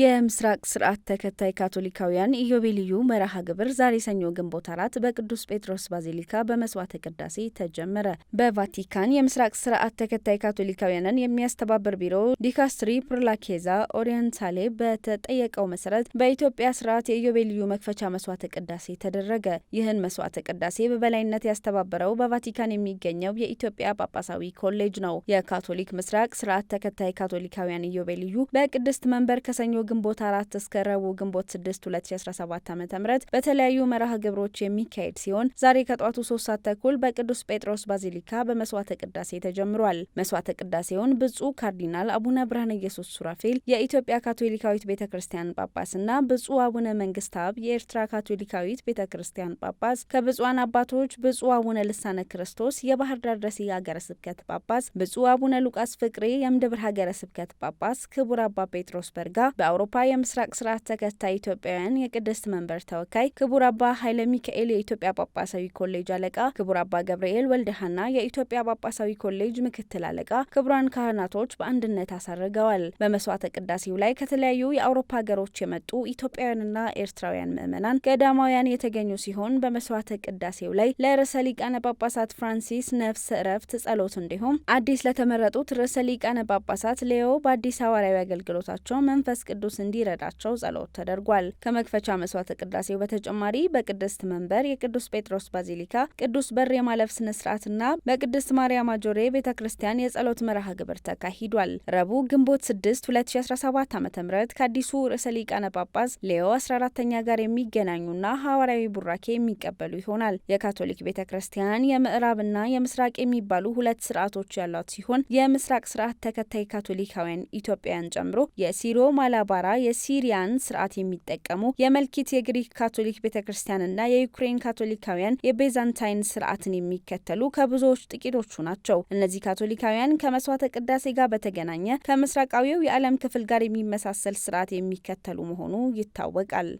የምስራቅ ስርዓት ተከታይ ካቶሊካውያን ኢዮቤልዩ መርሃ ግብር ዛሬ ሰኞ ግንቦት አራት በቅዱስ ጴጥሮስ ባዚሊካ በመስዋዕተ ቅዳሴ ተጀመረ። በቫቲካን የምስራቅ ስርዓት ተከታይ ካቶሊካውያንን የሚያስተባብር ቢሮ ዲካስትሪ ፕርላኬዛ ኦሪየንታሌ በተጠየቀው መሰረት በኢትዮጵያ ስርዓት የኢዮቤልዩ መክፈቻ መስዋዕተ ቅዳሴ ተደረገ። ይህን መስዋዕተ ቅዳሴ በበላይነት ያስተባበረው በቫቲካን የሚገኘው የኢትዮጵያ ጳጳሳዊ ኮሌጅ ነው። የካቶሊክ ምስራቅ ስርዓት ተከታይ ካቶሊካውያን ኢዮቤልዩ በቅድስት መንበር ከሰኞ ግንቦት አራት እስከ ረቡዕ ግንቦት ስድስት ሁለት ሺ አስራ ሰባት ዓመተ ምህረት በተለያዩ መርሃ ግብሮች የሚካሄድ ሲሆን ዛሬ ከጧቱ ሶስት ሰዓት ተኩል በቅዱስ ጴጥሮስ ባዚሊካ በመስዋዕተ ቅዳሴ ተጀምሯል። መስዋዕተ ቅዳሴውን ብፁዕ ካርዲናል አቡነ ብርሃነ ኢየሱስ ሱራፌል የኢትዮጵያ ካቶሊካዊት ቤተ ክርስቲያን ጳጳስና ብፁዕ አቡነ መንግስት አብ የኤርትራ ካቶሊካዊት ቤተ ክርስቲያን ጳጳስ ከብፁዓን አባቶች ብፁዕ አቡነ ልሳነ ክርስቶስ የባህር ዳር ደሴ ሀገረ ስብከት ጳጳስ፣ ብፁዕ አቡነ ሉቃስ ፍቅሬ የምድብር ሀገረ ስብከት ጳጳስ፣ ክቡር አባ ጴጥሮስ በርጋ የአውሮፓ የምስራቅ ስርዓት ተከታይ ኢትዮጵያውያን የቅድስት መንበር ተወካይ ክቡር አባ ኃይለ ሚካኤል የኢትዮጵያ ጳጳሳዊ ኮሌጅ አለቃ፣ ክቡር አባ ገብርኤል ወልደሃና የኢትዮጵያ ጳጳሳዊ ኮሌጅ ምክትል አለቃ፣ ክቡራን ካህናቶች በአንድነት አሳርገዋል። በመስዋዕተ ቅዳሴው ላይ ከተለያዩ የአውሮፓ ሀገሮች የመጡ ኢትዮጵያውያንና ኤርትራውያን ምዕመናን ገዳማውያን የተገኙ ሲሆን በመስዋዕተ ቅዳሴው ላይ ለርዕሰ ሊቃነ ጳጳሳት ፍራንሲስ ነፍስ እረፍት ጸሎት እንዲሁም አዲስ ለተመረጡት ርዕሰ ሊቃነ ጳጳሳት ሌዮ በአዲስ ሐዋርያዊ አገልግሎታቸው መንፈስ ቅዱስ ቅዱስ እንዲረዳቸው ጸሎት ተደርጓል። ከመክፈቻ መስዋዕተ ቅዳሴው በተጨማሪ በቅድስት መንበር የቅዱስ ጴጥሮስ ባዚሊካ ቅዱስ በር የማለፍ ስነ ስርዓትና በቅድስት ማርያም አጆሬ ቤተ ክርስቲያን የጸሎት መርሃ ግብር ተካሂዷል። ረቡዕ ግንቦት 6 2017 ዓ ም ከአዲሱ ርዕሰ ሊቃነ ጳጳስ ሌዮ 14ተኛ ጋር የሚገናኙና ሐዋርያዊ ቡራኬ የሚቀበሉ ይሆናል። የካቶሊክ ቤተ ክርስቲያን የምዕራብና የምስራቅ የሚባሉ ሁለት ስርዓቶች ያሏት ሲሆን የምስራቅ ስርዓት ተከታይ ካቶሊካውያን ኢትዮጵያውያን ጨምሮ የሲሮ ማላ ባርባራ የሲሪያን ስርዓት የሚጠቀሙ የመልኪት የግሪክ ካቶሊክ ቤተ ክርስቲያንና የዩክሬን ካቶሊካውያን የቤዛንታይን ስርዓትን የሚከተሉ ከብዙዎች ጥቂቶቹ ናቸው። እነዚህ ካቶሊካውያን ከመስዋዕተ ቅዳሴ ጋር በተገናኘ ከምስራቃዊው የዓለም ክፍል ጋር የሚመሳሰል ስርዓት የሚከተሉ መሆኑ ይታወቃል።